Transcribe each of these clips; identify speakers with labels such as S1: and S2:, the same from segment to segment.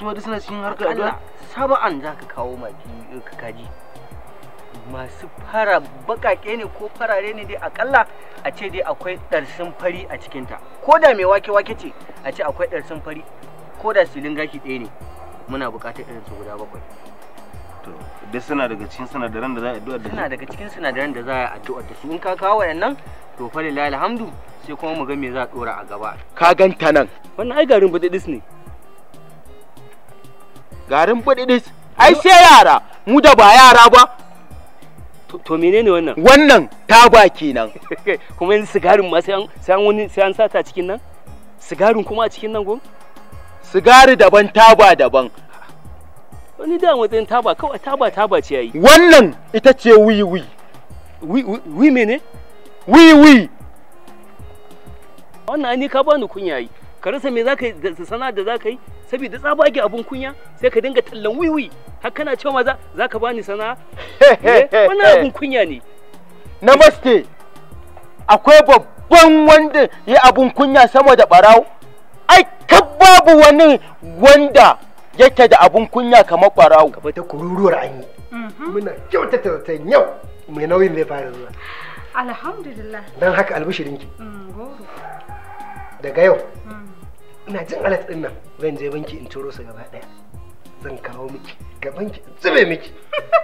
S1: su ma suna cikin harkar da saba'an za ka kawo maki eh, ka kaji masu fara bakake ne ko farare ne dai akalla a ce dai akwai ɗarsin fari a cikinta ko da mai wake wake ce a ce akwai ɗarsin fari ko da silin gashi ɗaya ne muna buƙatar irin su guda bakwai to duk suna daga cikin sinadaran da za a addu'a da suna daga cikin sinadaran da za a addu'a da su in ka kawo wayannan to fa lillahi alhamdu sai kuma mu ga me za a dora a gaba
S2: ka ganta nan
S3: wannan ai garin budi ne garin budidis ai sai yara mu da ba yara ba to menene wannan wannan ta ba kenan kuma yanzu sigarin ma sai an sai wani sai an sata cikin nan sigarin kuma a cikin nan gom sigari daban taba daban wani da matsayin taba kawai taba taba ce yayi
S2: wannan ita ce wiwi wiwi mene wiwi
S3: wannan ani ka bani kunya yi ka rasa me zaka da sana da za zaka yi saboda ake abun kunya sai ka dinga tallan wiwi har kana cewa ma za ka bani sana eh, wannan abun kunya ne namaste akwai babban wanda
S2: ya abun kunya sama da barau ai ka babu wani wanda yake da abun kunya kamar barau ka ta kururuwar an yi mm-hmm. muna kyautata ta yau mai nauyin zai fara zuwa
S4: alhamdulillah don haka albishirinki mm,
S2: daga yau mm. ina jin alat din nan zan je banki in ciro su gaba daya zan kawo miki banki ki zube miki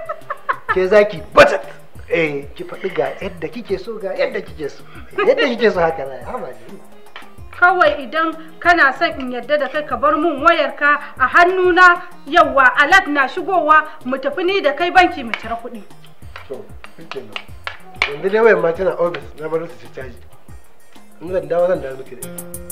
S2: ke zaki bata eh ki faɗi ga yadda kike so ga yadda kike so yadda kike so haka zai haba ne
S4: kawai idan kana son in yarda da kai ka bar mun wayarka a hannuna yawa alat na shigowa mu tafi ni da kai banki mu tara kuɗi
S2: to yanzu dai wayar ma tana ofis na bar su ta caji in zan dawo zan dawo miki da ita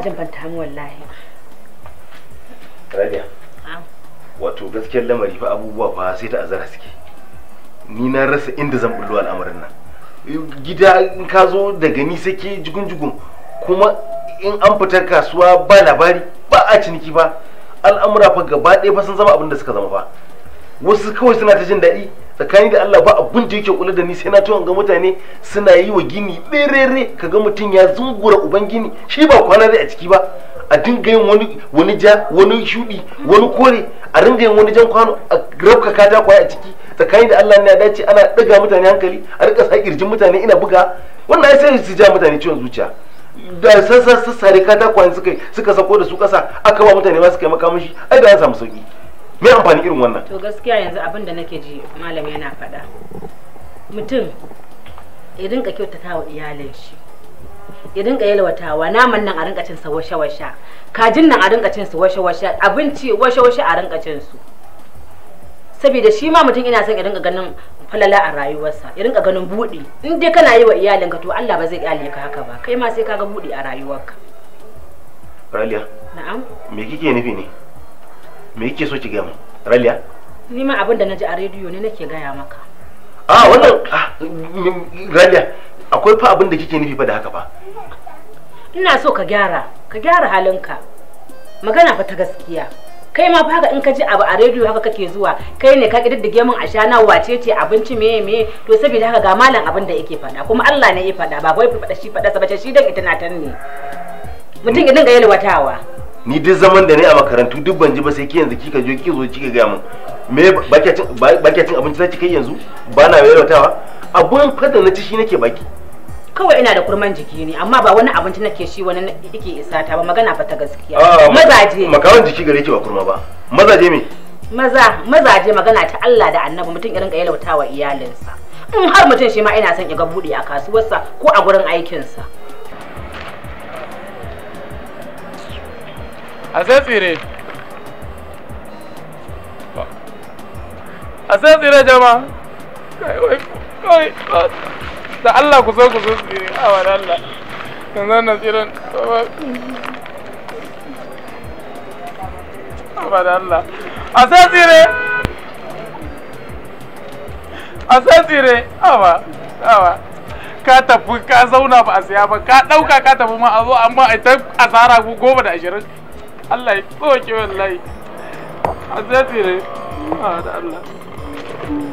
S4: jin ban tamu wallahi
S2: Rabia wato gaskiyar lamari fa abubuwa fa sai ta azara suke ni na rasa inda zan bullo al'amarin nan gida in ka zo daga ni sai ke jigun kuma in an fitar kasuwa ba labari ba a ciniki ba al'amura fa gaba ɗaya fa sun zama abin da suka zama fa wasu kawai suna ta jin daɗi tsakani da Allah ba abun da yake kula da ni sai na tuwon ga mutane suna yi wa gini berere ga mutum ya zungura uban gini shi ba kwana dai a ciki ba a dinga yin wani wani ja wani shudi wani kore a dinga yin wani jan kwano a rabka kata kwaya a ciki tsakani da Allah ne ya dace ana daga mutane hankali a rika sa kirjin mutane ina buga wannan sai su ja mutane ciwon zuciya da sassa sassare katakwayen suka suka sako da su kasa aka ba mutane ba suka yi makamashi ai da an samu sauki me amfani irin wannan
S4: to gaskiya yanzu abin da nake ji malam yana faɗa mutum ya rinka kyautata wa iyalin shi ya rinka yalwatawa naman nan a rinka cin sa washa washa kajin nan a rinka cin su washa washa abinci washa washa a rinka cin su saboda shi ma mutum ina son ya rinka ganin falala a rayuwarsa ya rinka ganin budi in dai kana yi wa iyalinka to Allah ba zai kyale ka haka ba kai ma sai ka ga buɗi a rayuwarka Raliya na'am
S2: me kike nufi ne me yake so ki gaya mu raliya
S4: ni ma abin da naji a rediyo ne nake gaya maka
S2: a wannan ah, raliya akwai fa abin da kike nufi fa da haka fa
S4: ina so ka gyara ka gyara halinka magana fa ta gaskiya kai ma haka in ka ji abu a rediyo haka kake zuwa kai ne ka kididdige min a shana wace ce abinci me me to saboda haka ga malam abin da yake faɗa kuma Allah ne ya faɗa ba wai faɗa shi faɗa sabace shi dan ita na tan ne mutum idan ga yalwatawa
S2: ni duk zaman da ne a makarantu duk ban ji ba sai ki yanzu kika je ki zo ki ga mun me baki cin baki cin abinci sai kai yanzu ba na yayatawa abun fada na ci shi nake baki
S4: kawai ina da kurman jiki ne amma ba wani abinci nake shi wani yake isa ta ba magana fa ta gaskiya ah, mazaje makaran
S2: jiki gare ki ba kurma ba mazaje me
S4: maza mazaje magana ta Allah da Annabi mutum irin wa iyalinsa in har mutum shi ma ina son ya ga bude a kasuwarsa ko a gurin aikinsa
S5: a sai tsire a sai tsire jama da Allah ku so ku so tsire a wani Allah zan na tsirin ba da Allah
S3: a sai a sai awa awa ka tafi ka zauna ba a siya ba ka ɗauka ka tafi ma a zo amma
S2: a asara goma da ashirin Allah ya tsoke wallahi
S3: azati ne a da Allah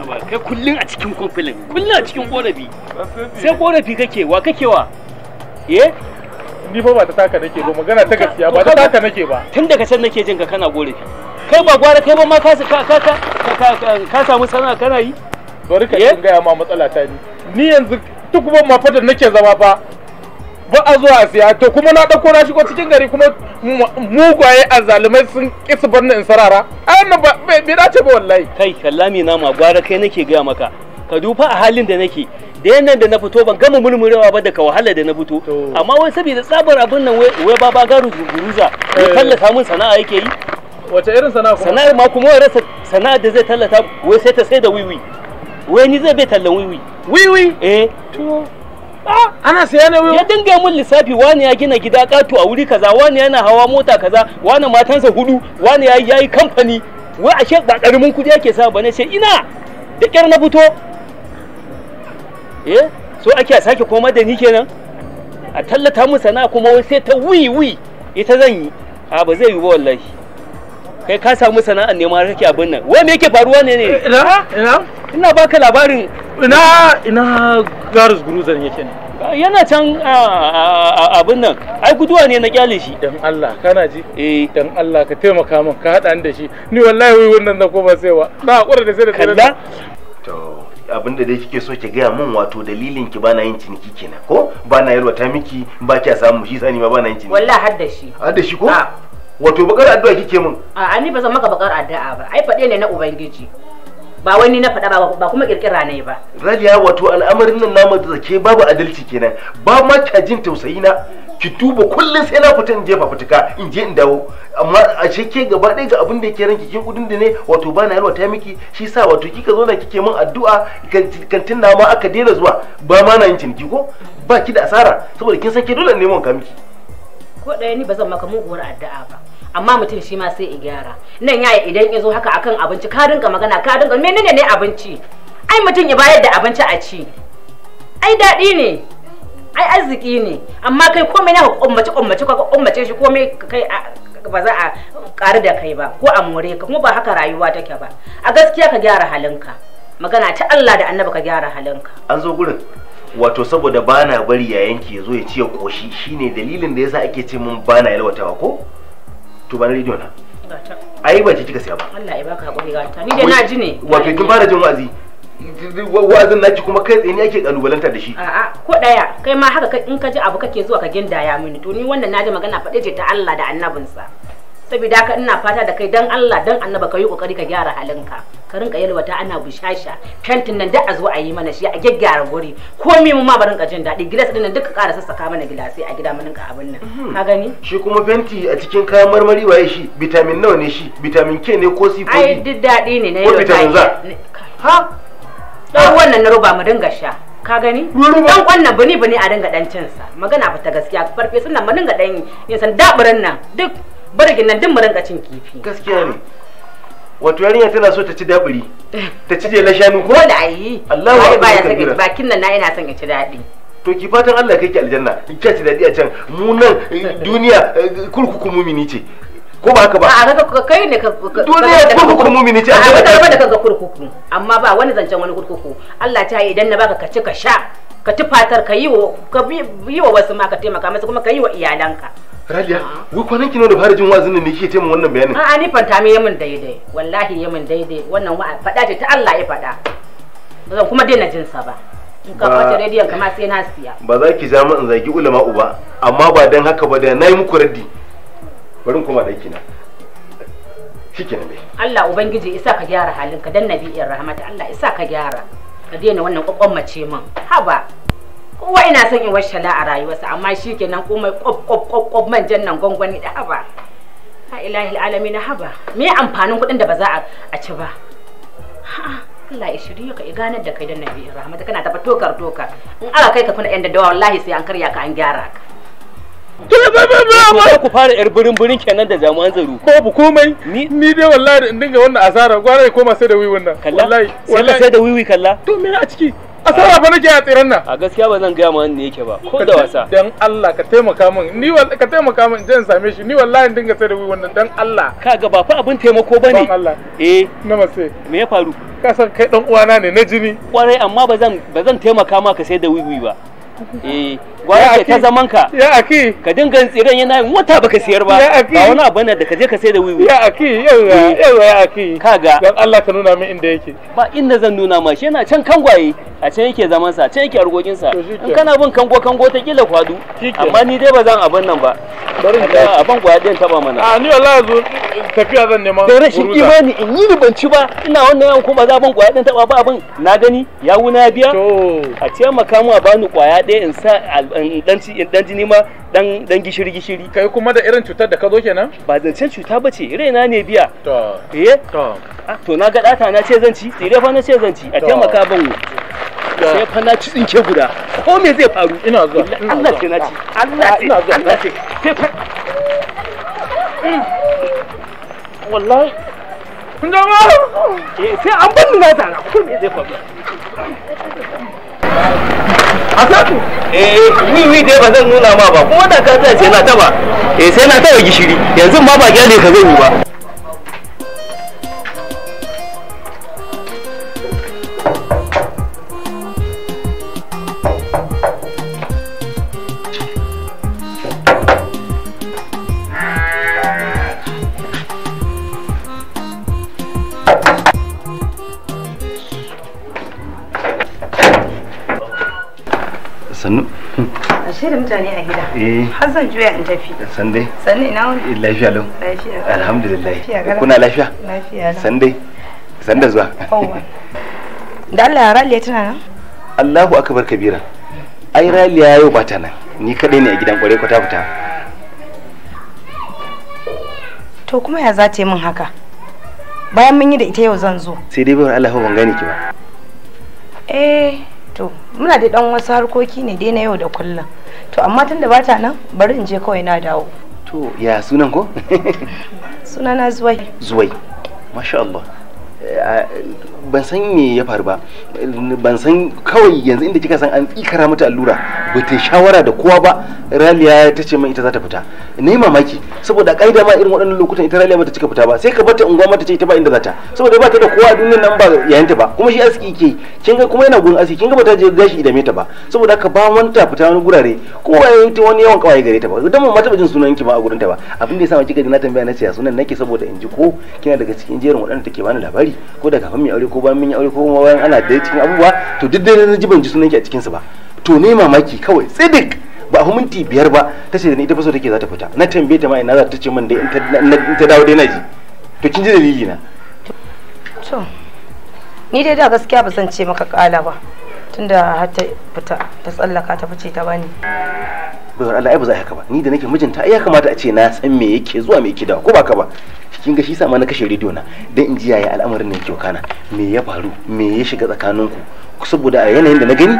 S3: ba kai kullun a cikin kumfilin kullun a cikin korafi sai korafi kake wa kake wa eh ni fa ba ta taka nake ba magana ta gaskiya ba ta taka nake ba tun daga can nake jin ka kana gorafi. kai ba gwara kai ba ma ka ka ka ka samu sana kana yi bari ka eh? gaya ma matsala ta ni ni yanzu duk ban ma fadar nake zama fa ba a zuwa siya to kuma na ɗauko na shigo cikin gari kuma
S2: mugwaye a zalumai sun kisa barna in
S3: sarara ai wannan ba bai dace ba wallahi kai kallami na ma gwara kai nake gaya maka ka dufa a halin da nake da yannan da na fito ban gama murmurewa ba daga wahala da na fito amma wai saboda tsabar abin nan wai ba ba garu guruza ya eh. tallata mun sana'a yake yi wace irin sana'a kuma sana'ar ma kuma wai rasa sana'ar da zai tallata wai sai ta sai da wiwi wai ni zai bai tallan wiwi wiwi eh to ana saya na ya dinga mun lissafi wani ya gina gida katu a wuri kaza wani yana hawa mota kaza wani matansa hudu wani ya yi kamfani wai ashe ba karamin kudi yake sa bane sai ina da kyar na fito eh so ake a sake koma da ni kenan a tallata mun sana'a kuma wai sai ta wi wi ita zan yi a ba zai yi ba wallahi kai ka samu sana'ar nema kake abin nan wai me yake faruwa ne ne ina ina ina baka labarin ina ina garus guruzan yake ne yana can abin nan ai guduwa ne na kyale shi dan Allah kana ji eh dan Allah ka taimaka min ka hada da shi ni wallahi wai wannan na koma saiwa na hakura da sai da kalla
S2: to abin da dai kike so ki gaya min wato dalilin ki bana yin ciniki kenan ko bana yarwa ta miki ba kya samu shi sani ma bana yin ciniki wallahi har da shi har da shi ko wato bakar addu'a kike min
S4: a ni ba zan maka bakar addu'a ba ai faɗe ne na ubangiji ba wani na faɗa ba ba kuma kirkira ne ba
S2: radiya wato al'amarin nan namu da zake babu adalci kenan ba ma ka jin tausayi na ki tuba kullum sai na fita in je fafutuka in je in dawo amma a ce ke gaba ɗaya ga abin da yake ranki ke kudin da ne wato ba na yalwa ta miki shi sa wato kika zo na kike min addu'a kantin na ma aka daina zuwa ba ma na yin ciniki ko ba ki da asara saboda kin san ke dole neman ka miki
S4: ko ɗaya ni ba zan maka muguwar addu'a ba amma mutum shi ma sai ya gyara nan yaya idan ya zo haka akan abinci ka dinga magana ka dinga menene ne abinci ai mutum ya bayar da abinci a ci ai daɗi ne ai arziki ne amma kai komai na kummace kwammace ka kummace shi komai kai ba za a ƙaru da kai ba ko a more ka kuma ba haka rayuwa take ba a gaskiya ka gyara halinka magana ta Allah da annabi ka gyara halinka
S2: an zo gurin wato saboda bana bari yayanki ya zo ya ci ya koshi shine dalilin da yasa ake ce mun bana yalwatawa ko to ba rediyo na ai ba ci kika siya ba
S4: Allah ya baka hakuri ga ta ni dai na ji ne
S2: wato kin fara jin wa'azi wa'azin naki kuma kai tsaye ne ake kalubalanta da shi a'a
S4: ko daya kai ma haka in ka ji abu kake zuwa ka gindaya mini to ni wannan naji magana faɗe ce ta Allah da annabinsa saboda haka ina fata da kai dan Allah dan annaba ka yi kokari ka gyara halinka ka rinka yalwata ana bushasha fentin nan da a zo a yi mana shi a gyaggyara guri ko mu ma ba rinka jin daɗi gilas ɗin nan duka ƙara sassaka mana gilasai a gida mun rinka abin nan mhm. ka
S2: gani shi kuma fenti a cikin kayan marmari waye shi vitamin nawa ne shi vitamin K ne ko C ko D ai
S4: duk daɗi ne na yau vitamin Z ha dan ah. wannan na roba mu dinga sha ka gani dan wannan bani bani a dinga dan cin sa magana ba ta gaskiya farfesun nan mu dinga dan yin san daburan nan duk bargin
S2: nan duk mu dinga cin kifi gaskiya ne wato yarinya tana so ta ci dabiri ta ci jelar shanu ko da ayi Allah ya baya saka bakin nan na ina son ya ci daɗi to ki fatan Allah kai ki aljanna ki ci daɗi a can mu nan duniya kurkuku mumini ce ko ba haka ba
S4: a kaga kai ne ka duniya kurkuku
S2: mumini ce aljanna ba da kaga kurkuku
S4: amma ba wani zancen wani kurkuku Allah ta yi idan na baka ka ci ka sha ka ci fatar ka yi wa wasu ma ka taimaka masa kuma ka yi wa iyalanka
S2: Raliya, wai kwanan ki da fara jin wazin nan ne kike taimun wannan bayanin? A'a
S4: ni fanta me yamin daidai. Wallahi yamin daidai. Wannan wa faɗa ce ta Allah ya fada. Ba zan kuma daina jin sa ba. In ka kwace rediyon kama sai na siya.
S2: Ba za ki ja in zagi ulama uba, amma ba dan haka ba da nayi muku raddi. Bari kuma daki na. Shikenan bai.
S4: Allah ubangiji isa ka gyara halin ka dan nabi'in rahmata. Allah isa ka gyara. Ka daina wannan kwakwan mace min. Haba. kowa ina son in washala a rayuwarsa amma shi kenan komai kwab kwab kwab kwab manjan nan gwangwani da haba la ilahi alami na haba me amfanin kuɗin da ba za a ci ba Allah ya shirye ka iganar da kai da Nabi Rahmat kana tafa tokar tokar. in aka kai ka kuna yan daddawa wallahi sai an karya ka an gyara
S3: ka ku fara yar birin birin kenan da jami'an tsaro bu komai ni dai wallahi in dinga wannan asara gwara ya koma sai da wiwi wannan wallahi sai da wiwi kalla to me a ciki asara ba nake a tsirin nan a gaskiya ba zan gaya ma wani yake ba ko da wasa dan Allah ka taimaka min ni ka taimaka min zan same shi ni wallahi dinga sai da wannan dan Allah Ka ga ba fa abin taimako bane Allah eh namaste me ya faru ka san kai dan uwana ne na jini kwarai amma ba zan ba zan taimaka maka sai da wiwi ba eh gwara ka ta zaman ka ya aki ka dinga tsiran yana yin wata baka siyar ba ya aki ba wani abu da ka je ka sai da wiwi ya aki yawa yawa ya aki kaga dan Allah ka nuna min inda yake ba inda zan nuna ma shi yana can kangwaye a can yake zaman sa can yake argogin sa in kana bin kango kango ta kila kwadu amma ni dai ba zan abin nan ba bari a ban gwaya din taba mana a ni wallahi zo tafiya zan nema da rashin imani in yi ban ci ba ina wannan yan kuma za ban kwaya din taba ba abin na gani ya wuna biya a ce makamu a bani kwaya ɗaya in sa dan jini ma dan gishiri gishiri kai kuma da irin cutar da ka zo kenan ba zancen cuta bace raina ne biya to eh to ah, to na ga data na ce zan ci tsire fa na ce zan ci a taimaka ban sai fa na ci tsinke guda ko me zai faru ina zuwa Allah ce na ci ah, Allah ce ina zuwa Allah ce wallahi kun ga Eh sai an ban na tara ko me zai faru eh wiwi dai ba zan nuna ma ba kuma da ka ce na taba ba eh, sai na taba gishiri yanzu ma ba gyale ka zan yi ba
S5: zan juya in tafi Sande. Sande na wani eh, lafiya lau lafiya
S2: alhamdulillah kuna lafiya lafiya san Sande. Sande zuwa
S5: da Allah raliya tana nan
S2: Allahu akbar kabira ai raliya yau ba ta nan ni kadai ne a gidan kware kwata fita
S5: to kuma ya za ta yi min haka bayan mun yi da ita yau zan zo
S2: sai dai bai Allah ban gane ki ba
S5: eh to muna da dan wasu harkoki ne dai na yau da kullum to amma tunda bata nan bari in je kawai na dawo to
S2: ya sunan ko
S5: sunana zuwai
S2: zuwai masha Allah eh, ban san me ya faru ba ban san kawai yanzu inda kika san an tsikara mata allura ba ta shawara da kowa ba raliya ta ce mai ita za ta fita na yi mamaki saboda kaida ma irin waɗannan lokutan ita raliya mata cika fita ba sai ka bata unguwa mata ce ita ba inda za ta saboda ba ta da kowa a duniyar nan ba yayanta ba kuma shi aski ke kin ga kuma yana gurin aski kin ga bata je gashi idame ta ba saboda ka ba wanta fita wani gurare kowa ya yi wani yawan kawai gare ta ba idan mun ma taɓa jin sunan ki ba a gurin ta ba abin da ya sa kika ji na tambaya na ce sunan nake saboda in ji ko kina daga cikin jerin waɗanda take bani labari ko daga kafin mai aure ko bayan mun yi aure ko kuma bayan ana da cikin abubuwa to duk dai na ji ban ji sunan ki a cikin su ba to ne mamaki kawai tsidik ba a minti biyar ba ta ce da ni ita faso take za ta fita na tambaye ta ma ina za ta ce min dai in ta dawo dai na ji to kin ji dalili na
S5: to ni dai da gaskiya ba zan ce maka kala ba tunda har ta fita ta tsallaka ta fice ta bani
S2: bai Allah ai ba za haka ba ni da nake mijinta ai ya kamata a ce na san me yake zuwa me yake dawo ko ba ka ba kin ga shi sa ma na kashe rediyo na dan in ji yaya al'amarin ne kyau kana me ya faru me ya shiga tsakaninku saboda a yanayin da na gani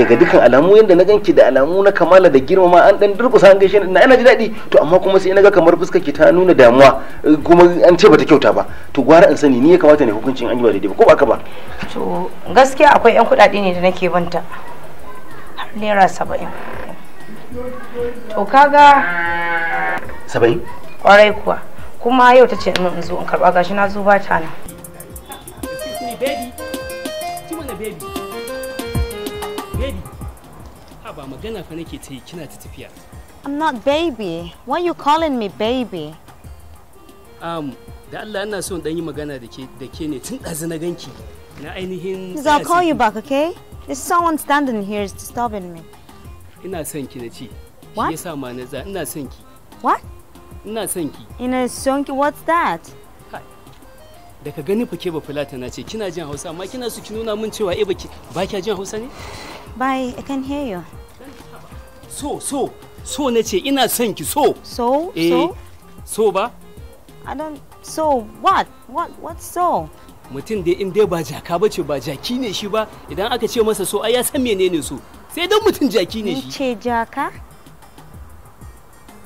S2: daga dukkan alamu yanda na ganki da alamu na kamala da girmama an dan durkusa an gaishe na ina ji daɗi to amma kuma sai na ga kamar fuskar ki ta nuna damuwa kuma an ce bata kyauta ba to gwara in sani ni ya kamata ne hukuncin an yi ba daidai ba ko ba ka ba
S5: to gaskiya akwai yan kuɗaɗe ne da nake banta har naira saba'in to kaga saba'in kwarai kuwa kuma yau ta ce in zo in karba gashi na zo ba ta nan
S3: ba magana fa nake ta yi kina ta tafiya
S5: I'm not baby. Why you calling me baby?
S3: Um, da Allah ina so dan yi magana da ke da ke ne tun ɗazu na ganki. Na ainihin I'll call you
S5: back, okay? There's someone standing here is disturbing me.
S3: Ina son ki na ce. What? Shi yasa ma na ina son ki. What? Ina son ki. Ina son ki what's that? Daga gani fa ke ba fulata na ce kina jin Hausa amma kina so ki nuna min cewa eh baki ba kya jin Hausa ne? Bye, I can hear you. So so so na ce ina son ki so. So eh, so. So ba? I don't so what what what so? mutum dai in dai ba jaka ba ce ba jaki ne shi ba idan aka ce masa so ai ya san menene so sai dan mutum jaki ne shi.
S5: Ce jaka?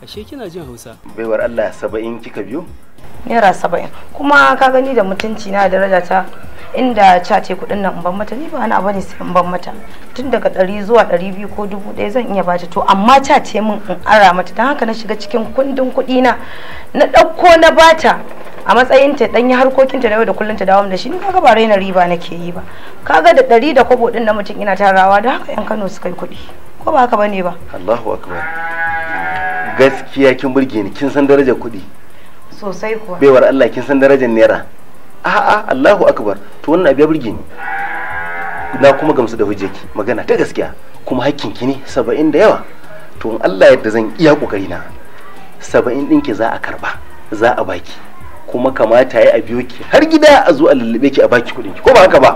S3: ashe kina jin hausa baiwar allah saba'in kika biyo
S5: naira saba'in kuma ka gani da mutunci na daraja ta inda ca ce kudin nan ban mata ni ba ana bane sai in ban mata tun daga ɗari zuwa ɗari biyu ko dubu ɗaya zan iya bata to amma ca ce min in ara mata don haka na shiga cikin kundin kuɗi na na ɗauko na bata a matsayin ta danyi harkokin ta da yau da kullun ta dawo da shi ni kaga ba raina riba nake yi ba kaga da ɗari da kwabo ɗin na mutum ina tarawa da haka yan Kano suka yi kuɗi ko ba haka bane ba
S2: Allahu akbar gaskiya kin burge ni kin san darajar kuɗi
S5: sosai kuwa baiwar
S2: Allah kin san darajar naira a'a Allahu akbar to wannan abu ya burge ni na kuma gamsu da hujjaki magana ta gaskiya kuma hakkin ki ne saba'in da yawa to in Allah yadda zan iya kokari na saba'in ɗinki za a karba za a baki kuma kamata ya a biyo ki har gida a zo a lullube ki a baki kuɗin ki ko ba haka ba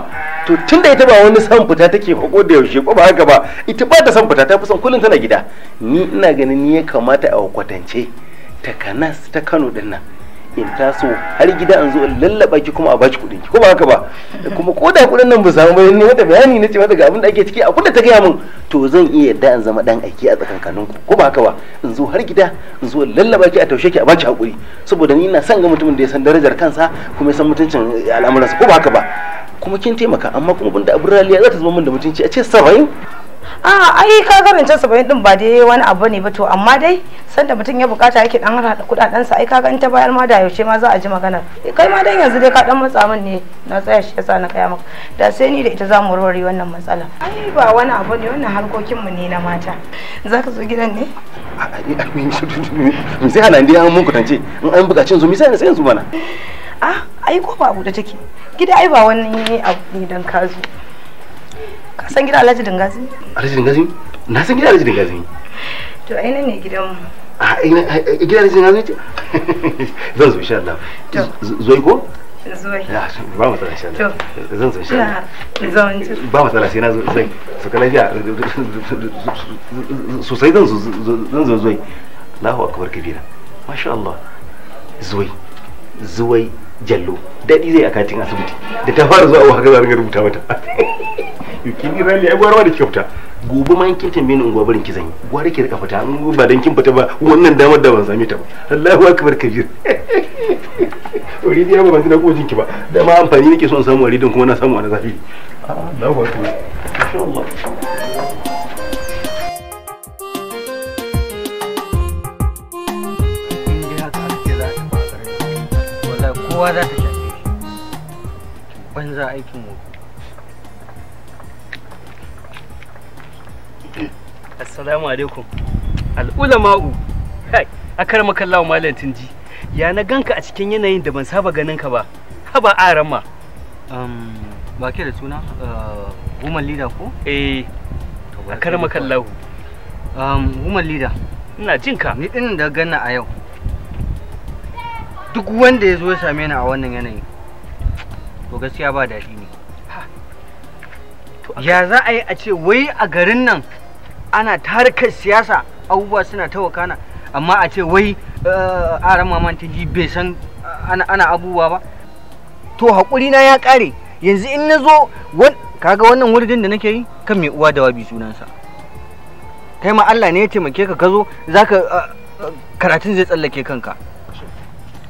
S2: to tun da ita ba wani san fita take ko da yaushe ko ba haka ba ita ba ta san fita ta fi son kullum tana gida ni ina ganin ni ya kamata a kwatance ta kanas ta Kano din nan in taso har gida an zo in lallaba ki kuma a baki kuɗin ki ko ba haka ba kuma ko da kuɗin nan ba samu ba ne wata bayani na cewa daga abin da ake ciki a kudin ta gaya min to zan iya yadda an zama dan aiki a tsakankanin ku ko ba haka ba in zo har gida in zo lallaba ki a taushe ki a baki hakuri saboda ni ina son ga mutumin da ya san darajar kansa kuma ya san mutuncin al'amuransa ko ba haka ba kuma kin taimaka amma kuma bunda abin raliya za ta zama min da mutunci a ce saba'in
S5: a ai ka rancen saba'in din ba dai wani abu ne ba to amma dai da mutum ya bukata yake dan hada kudaden sa ai ka in ta bayar ma da yaushe ma za a ji magana kai ma dan yanzu dai ka dan matsa min ne na tsaya shi yasa na kaya maka da sai ni da ita za mu warware wannan matsala ai ba wani abu ne wannan harkokin mu ne na mata za ka zo gidan ne
S2: a ni a mi sai hana ndi an mun kutance in an bukacin zo mi sai yanzu mana
S5: ah ai ba abu da take gida ai ba wani abu ne dan kazo ka san gida alhaji dangazi
S2: alhaji dangazi na san gida alhaji dangazi
S5: to ai nan ne gidan mu
S2: a ah, gida alhaji dangazi ce zan zo insha Allah zoi ko zoi ah, ba matsala insha Allah zan zo insha Allah
S5: ah,
S2: ba matsala sai na zo zai su ka lafiya sosai zan zo zan zo zoi Allahu akbar kabira masha Allah zuwai zuwai jallo daɗi zai a katin asibiti da ta fara zuwa haka zarar rubuta mata yukin ni rali ai gwarawa da kika fita gobe ma kin tambaye ni unguwa barin ki zanyi gwara ki rika fita an ba dan kin fita ba wannan damar da ban same ta ba Allahu akbar kabir oridi ya ba ban tana kuma jinki ba da ma amfani nake son samu oridin kuma na samu wani zafi ah, Allahu akbar insha Allah
S1: kowa za ta shafe banza aikin mu
S3: assalamu alaikum al'ulama'u a karama kallawa malam tunji ya na ganka a cikin yanayin da ban saba ganin ka ba haba a
S1: um ba ke da suna uh, woman leader ko eh a karama kallahu um woman leader ina jinka ni din da ganna a yau duk wanda ya zo ya same ni a wannan yanayi, to gaskiya ba daɗi ne ya za a yi a ce wai a garin nan ana tarkar siyasa abubuwa suna ta wakana amma a ce wai eh, aran ta ji bai san eh, ana abubuwa ba to haƙuri na ya ƙare yanzu in na zo kaga wannan wurgin da nake yi kan mai uwa da wabi sunansa kai ma Allah ne ya taimake ka ka zo zaka eh, karatun zai tsallake kanka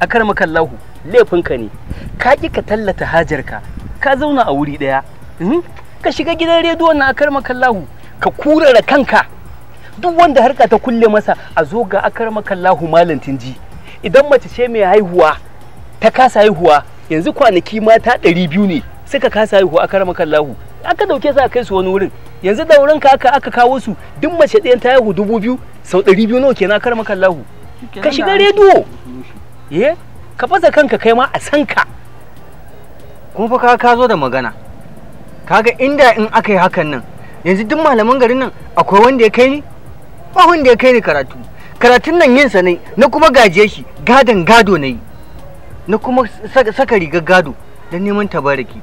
S1: a karmakan lahu laifinka ne ka ki ka
S3: tallata hajarka ka zauna a wuri ɗaya mhm. ka shiga gidan rediyon na a karmakan lahu ka kurara kanka duk wanda harka ta kulle masa a zo ga akar lahu malantin ji idan mace ce mai haihuwa ta kasa haihuwa yanzu kwanaki mata ɗari biyu ne suka kasa haihuwa akar lahu aka dauke su a kai su wani wurin yanzu dauran ka aka aka kawo su duk mace ɗayan ta haihu dubu sau ɗari biyu nawa kenan akar lahu
S1: ka shiga rediyo eh ka baza kanka kai ma a san ka kuma fa ka zo da magana kaga inda in aka yi hakan nan yanzu duk malaman garin nan akwai wanda ya kai ni ba ya kai ni karatu karatun nan yin sa ne na kuma gaje shi gadon gado na yi na kuma saka rigar gado don neman tabaraki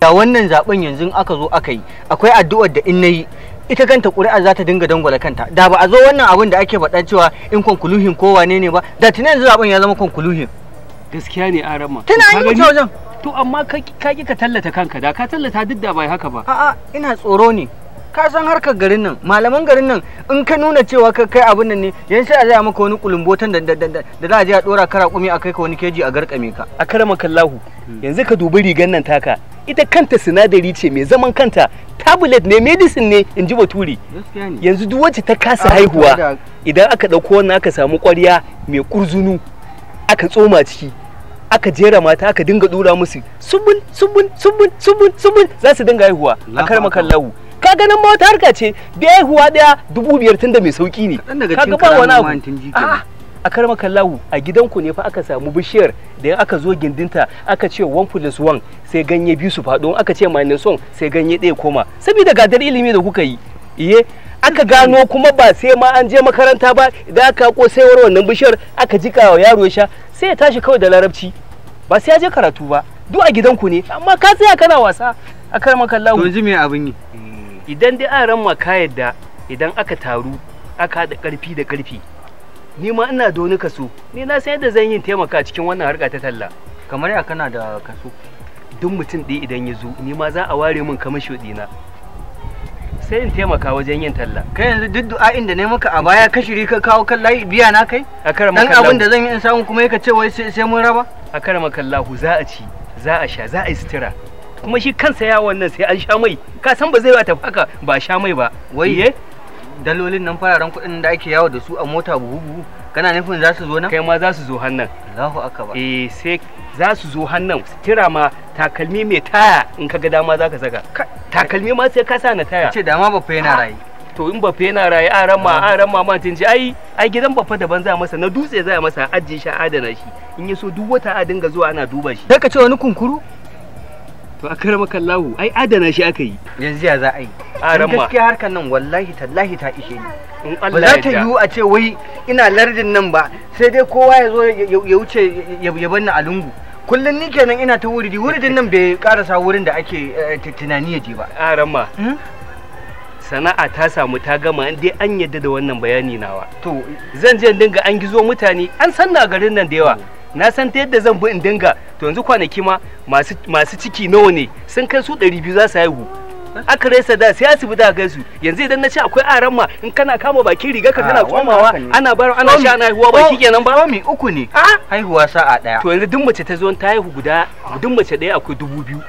S1: da wannan zaben yanzu aka zo aka yi akwai addu'ar da in na yi ita kanta ƙuri'ar za ta dinga dangwala kanta da ba a zo wannan abin da ake faɗa cewa in kwankuluhin ko wane ne ba da tunan yanzu zaɓen ya zama kwankuluhin gaskiya ne arama tana an wuce wajen to amma ka ki ka tallata kanka da ka tallata duk da bai haka ba a'a ina tsoro ne ka san harkar garin nan malaman garin nan in ka nuna cewa ka kai abin nan ne yan sai a zai maka wani kulumbotan da da za a je a dora kara kumi a kai ka wani keji a garkame ka a karama kallahu hmm.
S3: yanzu ka dubi rigan nan taka ita kanta sinadari ce mai zaman kanta tabulet ne medicine ne in ji baturi yanzu duk wacce ta kasa ah, haihuwa idan aka ɗauko wannan aka samu ƙwarya mai ƙurzunu aka tsoma ciki aka jera mata aka dinga dura musu subun subun subun subun subun za su dinga haihuwa a karmakan lawu ka ganin ma wata harka ce da haihuwa daya dubu biyar tun da mai sauki ne ka ga wani
S1: abu
S3: a karma kallawu a gidanku ne fa aka samu bishiyar da aka zo gindinta aka ce 1 plus 1 sai ganye biyu su faɗo aka ce minus 1 sai ganye ɗaya koma saboda gadar ilimi da kuka yi iye aka gano kuma ba sai ma an je makaranta ba idan aka ko sai wannan bishiyar aka jika wa yaro ya sha sai ya tashi kawai da larabci ba sai ya je karatu ba duk a gidanku ne amma ka tsaya kana wasa a karma kallawu. to ji me abin yi idan dai an ran ma ka yadda idan aka taru aka haɗa ƙarfi da ƙarfi ni ma ina da wani kaso ni na san yadda zan yi taimaka cikin wannan harka ta talla kamar ya kana da kaso duk mutum ɗaya idan ya zo ni ma za a ware min kamisho na. sai
S1: in taimaka wajen yin talla kai yanzu duk du'a'in da ne maka a baya ka shiri ka kawo kan layi biya na kai a dan abin da zan yi in samu kuma yake ce wai sai mun raba a kara makallahu za a ci za
S3: a sha za a yi kuma shi kansa yawon wannan sai an sha mai ka san ba zai ba tafi haka ba sha
S1: mai ba waye? dalolin nan fararen kuɗin da ake yawo da su a mota buhu buhu kana nufin za su zo nan kai ma za su zo hannan Allahu akbar eh sai za su zo hannan tira
S3: ma takalmi mai taya in ka ga dama za ka saka takalmi ma sai ka sa na taya ce dama ba fa rayi to in ba fa yana rayi a rama a rama ma tun ai ai gidan ba fa daban za masa na dutse za masa ajin sha adana shi in ya so duk wata a dinga zuwa ana duba shi
S1: daga ce wani kunkuru
S3: to akara maka kallahu, ai adana shi aka yi yanzu ya za a yi aran ma gaskiya
S1: harkan nan wallahi tallahi ta ishe ni ba za ta yiwu a ce wai ina lardin nan ba sai dai kowa ya zo ya wuce ya ni a lungu kullum ni kenan ina ta wuri wuridin nan bai karasa wurin da ake eh, tunani ya je ba aran ma hmm?
S3: sana'a ta samu ta gama dai an yadda da wannan bayani nawa to zan je dinga an gizo mutane an san na garin nan da yawa na san ta yadda zan bi in dinga to yanzu kwanaki ma masu ciki nawa ne sun kai su 200 za su haihu aka resa da sai da a gaisu yanzu idan na ce akwai aran ma in kana kama bakin riga ka ah, kana komawa ana bar ana sha ana haihuwa ba oh, nan ba oh, mi uku ne ah! haihuwa sa'a daya to yanzu duk mace ta zo ta haihu guda duk mace daya akwai dubu biyu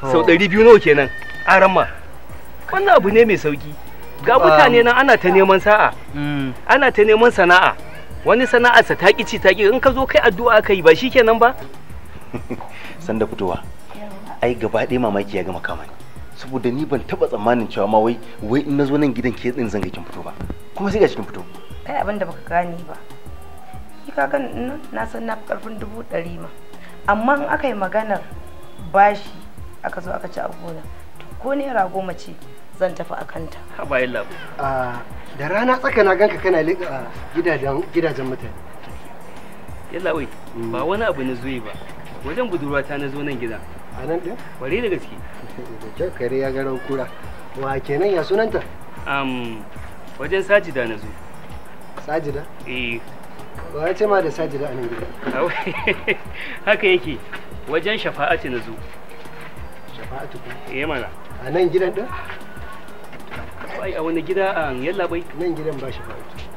S3: sau ɗari biyu nawa kenan aran ma wannan abu ne mai sauki ga mutane nan ana ta neman sa'a mm. ana ta neman sana'a wani sana'arsa ta ƙi ci ta ƙi in ka zo kai addu'a ka yi ba shi kenan ba
S2: sanda fitowa ai gaba ɗaya mamaki ya gama kamani saboda ni ban taɓa tsammanin cewa ma wai wai in na zo nan gidan ke tsin zan kin fito ba kuma sai ga kin fito
S5: kai abin da baka gane ba shi ka gan nan na san na karfin dubu ɗari ma amma in aka yi maganar bashi aka zo aka ci a gona ko naira goma ce zan tafi a
S3: kanta haba illa
S5: ah, da rana tsaka na ganka kana liƙa
S3: gidajen gidajen mutane yalla wai ba mm. wani abu na zuwa ba wajen ta na zo nan gida a nan din ware da gaske da kyau kare ya garau kura wa kenan ya sunanta Am, wajen sajida na zo sajida eh
S2: ba ya ce ma da sajida a nan gida
S3: haka yake wajen shafa'atu na zo shafa'atu ko eh mana a nan gidan din ai a wani gida a yallaɓai nan gidan ba shi ba